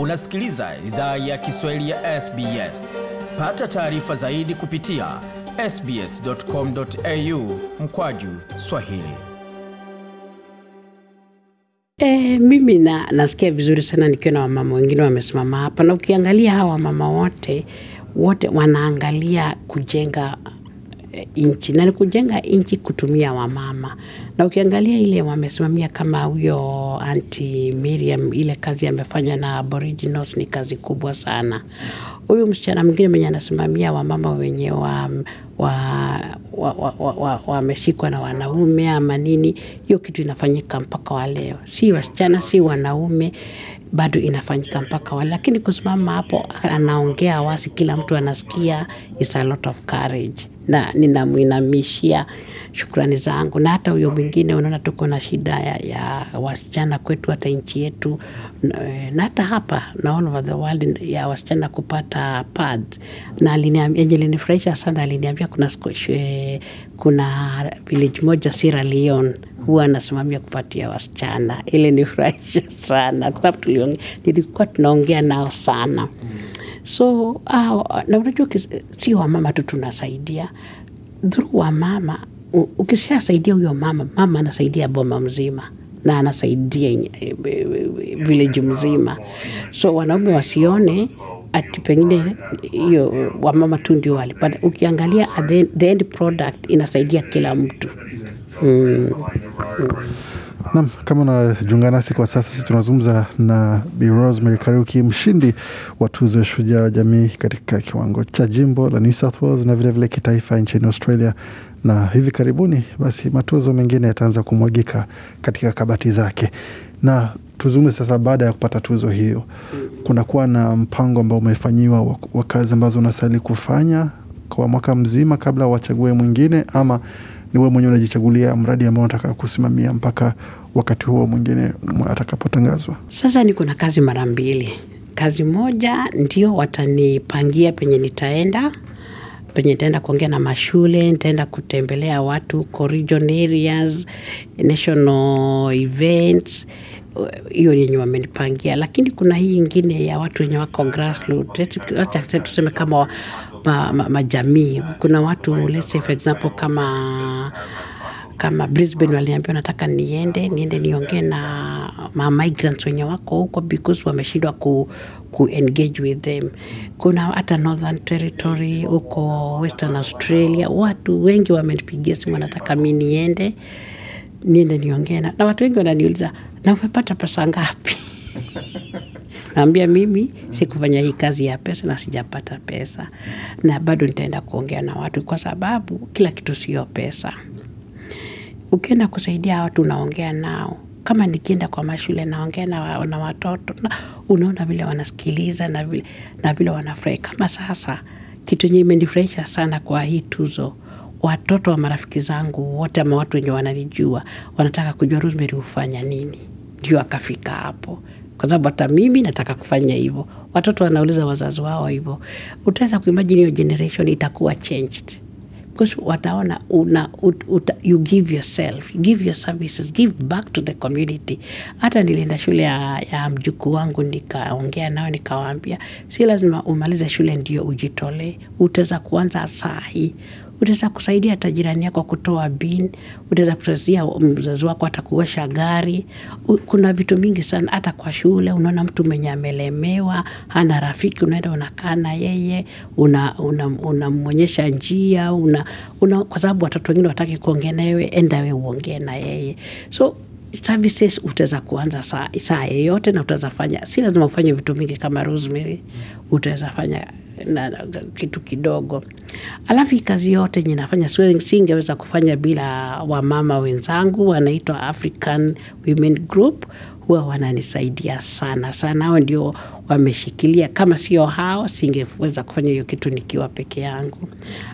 Unasikiliza idhaa ya Kiswahili ya SBS. Pata taarifa zaidi kupitia sbs.com.au mkwaju swahili. E, mimi na, nasikia vizuri sana nikiwa na wamama wengine wamesimama hapa, na ukiangalia hawa wamama wote wote wanaangalia kujenga eh, nchi na ni kujenga nchi kutumia wamama, na ukiangalia ile wamesimamia kama huyo anti Miriam, ile kazi amefanya na Aboriginals ni kazi kubwa sana. Huyu msichana mwingine mwenye anasimamia wamama wenye wameshikwa na wanaume ama nini, hiyo kitu inafanyika mpaka wa leo, si wasichana si wanaume bado inafanyika mpaka wale, lakini kusimama hapo anaongea wasi kila mtu anasikia, is a lot of courage na ninamwinamishia shukrani zangu. Na hata huyo mwingine unaona tuko na shida ya, ya wasichana kwetu hata nchi yetu na eh, hata hapa na all over the world ya wasichana kupata pads. Na enye linifurahisha sana aliniambia kuna eh, kuna village moja Sierra Leone huwa anasimamia kupatia wasichana. ili nifurahisha sana kwa sababu tulikuwa tunaongea nao sana. So ah, na unajua si wamama tu tunasaidia wa mama Ukishasaidia huyo mama, mama anasaidia boma mzima na anasaidia e, e, e, vileji mzima, so wanaume wasione ati pengine hiyo wamama tu ndio walipata. Ukiangalia the end product inasaidia kila mtu mm. Mm. Nam, kama unajiunga nasi kwa sasa, si tunazungumza na Bi Rosemary Kariuki, mshindi wa tuzo ya shujaa wa jamii katika kiwango cha jimbo la New South Wales na vilevile vile kitaifa nchini Australia, na hivi karibuni basi matuzo mengine yataanza kumwagika katika kabati zake. Na tuzungumze sasa, baada ya kupata tuzo hiyo, kunakuwa na mpango ambao umefanyiwa wa kazi ambazo unastahili kufanya kwa mwaka mzima kabla wachague mwingine, ama ni wewe mwenyewe unajichagulia mradi ambao unataka kusimamia mpaka wakati huo mwingine atakapotangazwa. Sasa niko na kazi mara mbili. Kazi moja ndio watanipangia penye nitaenda penye nitaenda kuongea na mashule, nitaenda kutembelea watu ko region areas, national events, hiyo yenye wamenipangia. Lakini kuna hii ingine ya watu wenye wako grassroots, tuseme kama majamii ma, ma, ma, kuna watu let's say for example kama kama Brisbane waliambia nataka niende niende niongee na ma migrants wenye wako huko because wameshindwa ku, ku engage with them. Kuna hata Northern Territory huko Western Australia, watu wengi wamenipigia simu wanataka mi niende niende niongee na, na watu wengi wananiuliza na umepata pesa ngapi? Naambia mimi sikufanya hii kazi ya pesa na sijapata pesa, na bado nitaenda kuongea na watu, kwa sababu kila kitu sio pesa ukienda kusaidia watu unaongea nao. Kama nikienda kwa mashule naongea na watoto na unaona vile wanasikiliza na vile wanafurahi. Kama sasa kitu yenye imenifurahisha sana kwa hii tuzo. Watoto wa marafiki zangu wote ama watu wenye wananijua. Wanataka kujua Rosemary hufanya nini. ndio akafika hapo. Kwa sababu hata mimi nataka kufanya hivo. Watoto wanauliza wazazi wao hivo. Utaweza kuimajini hiyo generation itakuwa changed because wataona una, ut, ut, you give yourself give your services give back to the community. Hata nilienda shule ya, ya mjukuu wangu nikaongea nao nikawaambia, si lazima umalize shule ndio ujitolee, utaweza kuanza saa hii Utaweza kusaidia hata jirani yako kutoa bin, utaweza kusaidia mzazi wako hata kuosha gari. Kuna vitu mingi sana, hata kwa shule unaona mtu mwenye amelemewa, hana rafiki, unaenda unakaa na yeye, unamwonyesha njia, kwa sababu watoto wengine wataki kuongea na wewe, enda we uongee na yeye. So services utaweza kuanza saa yeyote na utaweza fanya, si lazima ufanye vitu mingi kama Rosemary, utaweza fanya na, na kitu kidogo. Alafu kazi yote yenye nafanya singeweza kufanya bila wamama wenzangu wanaitwa African Women Group huwa wananisaidia sana sana. Hao ndio wameshikilia, kama sio hao singeweza kufanya hiyo kitu nikiwa peke yangu.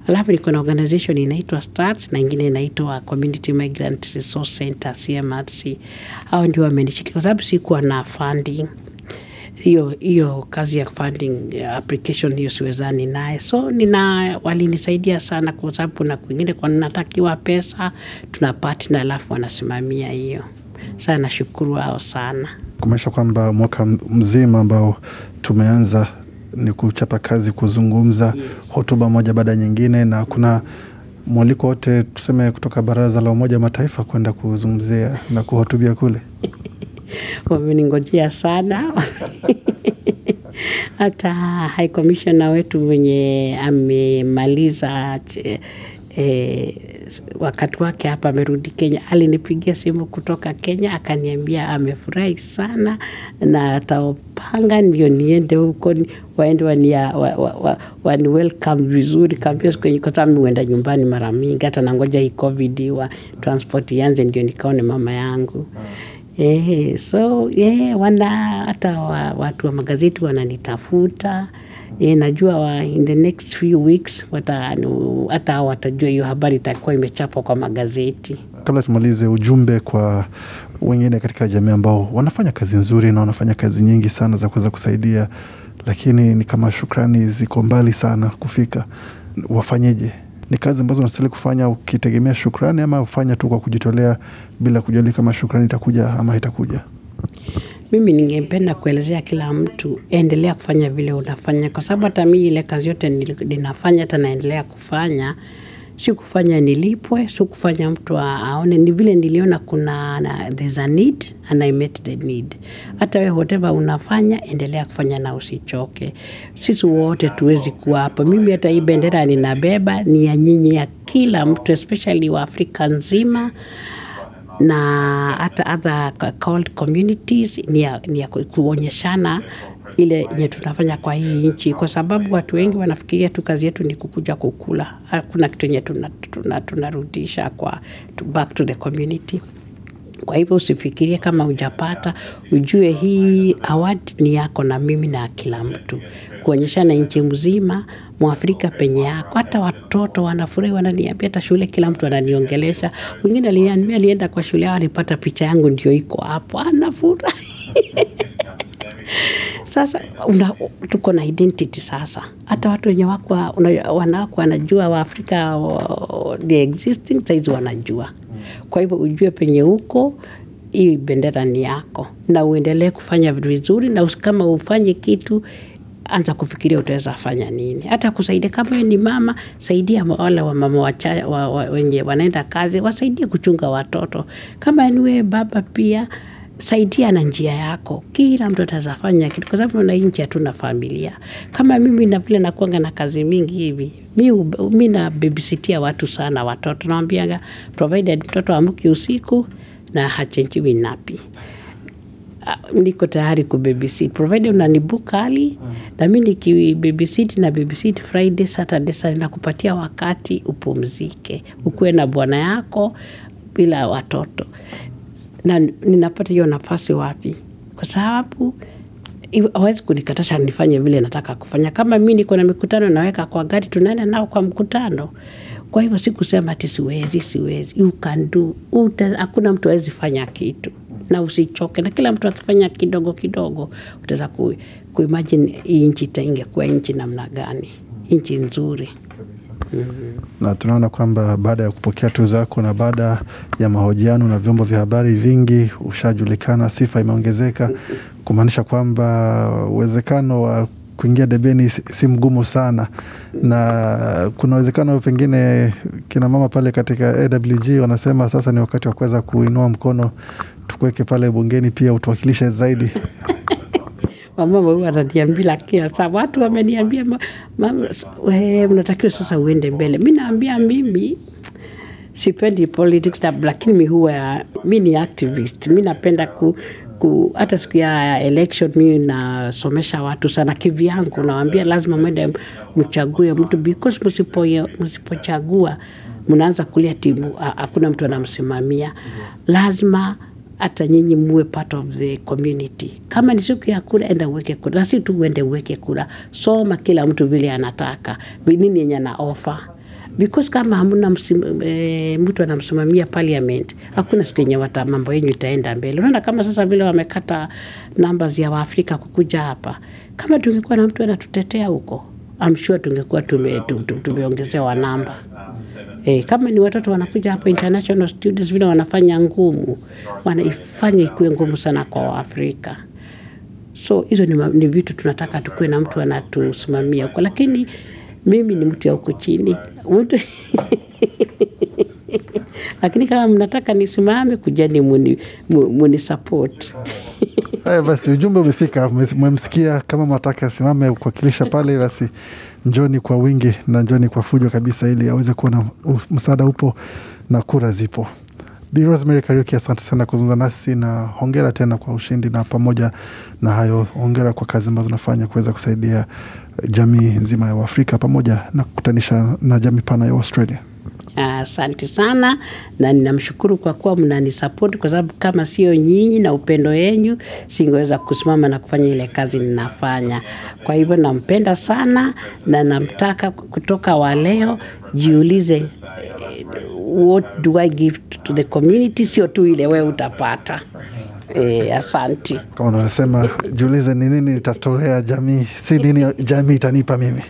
Alafu niko na organization inaitwa START na ingine inaitwa Community Migrant Resource Center CMRC. Hao ndio wamenishikilia kwa sababu sikuwa na funding hiyo hiyo kazi ya funding eh, application hiyo siwezani naye, so nina walinisaidia sana kwa sababu na kwingine kwa natakiwa pesa tuna partner, alafu wanasimamia hiyo. sana. nashukuru hao sana, kumaanisha kwamba mwaka mzima ambao tumeanza ni kuchapa kazi, kuzungumza yes, hotuba moja baada nyingine, na kuna mwaliko wote tuseme kutoka Baraza la Umoja wa Mataifa kwenda kuzungumzia na kuhutubia kule wameningojea sana hata high commissioner wetu mwenye amemaliza e, wakati wake hapa amerudi Kenya, alinipigia simu kutoka Kenya akaniambia amefurahi sana na ataopanga ndio niende huko waende wania, wa, wa, wa, wani welcome vizuri kabisa kwenye kwa sababu huenda nyumbani mara mingi, hata nangoja hii COVID wa transport ianze ndio nikaone mama yangu hmm. Ehe, so ehe, wana hata watu wa magazeti wananitafuta. Najua wa in the next few weeks hata watajua hiyo habari itakuwa imechapwa kwa magazeti. Kabla tumalize ujumbe kwa wengine katika jamii ambao wanafanya kazi nzuri na wanafanya kazi nyingi sana za kuweza kusaidia lakini ni kama shukrani ziko mbali sana kufika wafanyeje? ni kazi ambazo unastahili kufanya ukitegemea shukrani, ama ufanya tu kwa kujitolea bila kujali kama shukrani itakuja ama itakuja. Mimi ningependa kuelezea kila mtu, endelea kufanya vile unafanya, kwa sababu hata mii ile kazi yote ninafanya, hata naendelea kufanya si kufanya nilipwe, si kufanya mtu aone, ni vile niliona kuna na, there's a need and I met the need. Hata we whatever unafanya, endelea kufanya na usichoke. Sisi wote tuwezi kuwa hapa. Mimi hata hii bendera ninabeba ni ya nyinyi, ya kila mtu, especially wa Afrika nzima na hata other communities, ni ya, ni ya kuonyeshana ile yenye tunafanya kwa hii nchi, kwa sababu watu wengi wanafikiria tu kazi yetu ni kukuja kukula. Hakuna kitu yenye tunarudisha kwa back to the community. Kwa hivyo usifikirie kama ujapata ujue hii award ni yako na mimi na kila mtu, kuonyeshana nchi mzima Mwafrika penye yako. Hata watoto wanafurahi, wananiambia, hata shule kila mtu ananiongelesha. Wengine aliniambia alienda kwa shule alipata picha yangu ndio iko hapo, anafurahi Sasa una, tuko na identity sasa, hata watu wenye wako wanawako wanajua Waafrika existing saizi wanajua. Kwa hivyo ujue penye huko hii bendera ni yako, na uendelee kufanya vitu vizuri, na kama ufanye kitu anza kufikiria utaweza fanya nini, hata kusaidia. Kama ni mama, saidia wale wamama wacha, wa, wa, wenye wanaenda kazi, wasaidie kuchunga watoto. Kama niwee baba pia saidia na njia yako. Kila mtu atazafanya kitu kwa sababu na nchi hatuna familia. Kama mimi na vile nakuanga na kazi mingi hivi. Mi na babysittia watu sana watoto. Nawaambianga provided mtoto haamki usiku na hachenjiwi napi. Ah, niko tayari kubabysit. Provided unanibook early na mi nikibabysit na babysit Friday, Saturday, sana, nakupatia wakati upumzike. Ukuwe na bwana yako bila watoto na ninapata hiyo nafasi wapi? Kwa sababu hawezi kunikatasha nifanye vile nataka kufanya. Kama mi niko na mikutano naweka kwa gari, tunaenda nao kwa mkutano. Kwa hivyo si kusema ati siwezi, siwezi. You can do. hakuna mtu awezi fanya kitu na usichoke, na kila mtu akifanya kidogo kidogo utaweza kuimagine hii nchi ingekuwa nchi namna gani, nchi nzuri na tunaona kwamba baada ya kupokea tuzo yako na baada ya mahojiano na vyombo vya habari vingi, ushajulikana, sifa imeongezeka, kumaanisha kwamba uwezekano wa kuingia debeni si mgumu sana, na kuna uwezekano pengine kina mama pale katika AWG wanasema sasa ni wakati wa kuweza kuinua mkono, tukuweke pale bungeni pia utuwakilishe zaidi mama huyu ananiambia, lakini sasa watu wameniambia wewe unatakiwa sasa uende mbele. Mimi naambia mimi sipendi politics na lakini mi huwa mi ni activist, mi napenda ku ku hata siku ya election mi nasomesha watu sana kivyangu, nawambia lazima mwende mchague mtu because msipo msipochagua mnaanza kulia timu, hakuna mtu anamsimamia. Lazima hata nyinyi muwe part of the community. Kama ni siku ya kura, enda uweke kura, si tu uende uweke kura. Soma kila mtu vile anataka nini yenye na offer, because kama hamna e, eh, mtu anamsimamia parliament, hakuna siku yenye wata mambo yenyu itaenda mbele. Unaona kama sasa vile wamekata numbers ya Waafrika kukuja hapa, kama tungekuwa na mtu anatutetea huko, I'm sure tungekuwa tumeongezewa tume, tume, tume namba E, kama ni watoto wanakuja hapo international students vile wanafanya ngumu, wanaifanya ikuwe ngumu sana kwa Waafrika. So hizo ni, ni vitu tunataka tukuwe na mtu anatusimamia huko, lakini mimi ni mtu ya huko chini mtu lakini kama mnataka nisimame kujani muni, muni support Haya basi, ujumbe umefika, mmemsikia. Kama mwataka asimame kuwakilisha pale, basi njoni kwa wingi na njoni kwa fujo kabisa, ili aweze kuona msaada upo na kura zipo. Bi Rosemary Kariuki, asante sana kuzungumza nasi na hongera tena kwa ushindi, na pamoja na hayo hongera kwa kazi ambazo unafanya kuweza kusaidia jamii nzima ya Waafrika pamoja na kukutanisha na jamii pana ya Australia. Asante sana na ninamshukuru kwa kuwa mnanisapoti kwa sababu kama sio nyinyi na upendo wenyu singeweza kusimama na kufanya ile kazi ninafanya. Kwa hivyo nampenda sana na namtaka kutoka wa leo jiulize eh, what do I give to the community sio tu ile wewe utapata. Eh, asanti. Kama unasema jiulize, ni nini nitatolea jamii, si nini jamii itanipa mimi.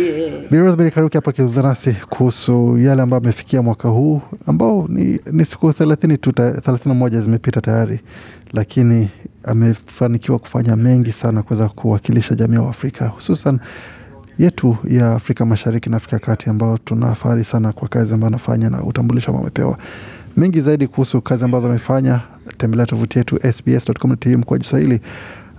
Bi Rosemary Karuki hapa akizungumza nasi kuhusu yale ambayo amefikia mwaka huu ambao ni, ni siku thelathini tu, thelathini na moja zimepita tayari, lakini amefanikiwa kufanya mengi sana kuweza kuwakilisha jamii wa Afrika hususan yetu ya Afrika Mashariki na Afrika Kati, ambao tuna fahari sana kwa kazi ambayo anafanya na utambulisho ambao amepewa. Mengi zaidi kuhusu kazi ambazo amefanya, tembelea tovuti yetu sbs.com.au mkoaji Swahili,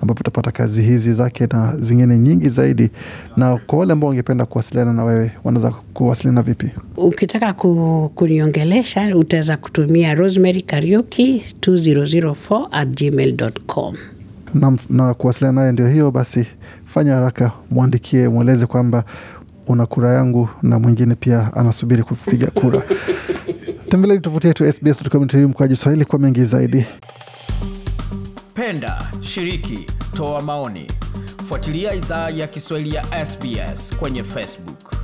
ambapo utapata kazi hizi zake na zingine nyingi zaidi. Na kwa wale ambao wangependa kuwasiliana na wewe, wanaweza kuwasiliana vipi? Ukitaka ku, kuniongelesha utaweza kutumia Rosemary Karioki 2004 at gmail.com na, na kuwasiliana naye ndio hiyo basi. Fanya haraka, mwandikie, mweleze kwamba una kura yangu na mwingine pia anasubiri kupiga kura. tembeleni tovuti yetu sbs.com.au mkoaji Swahili kwa mengi zaidi. Penda, shiriki, toa maoni, fuatilia idhaa ya Kiswahili ya SBS kwenye Facebook.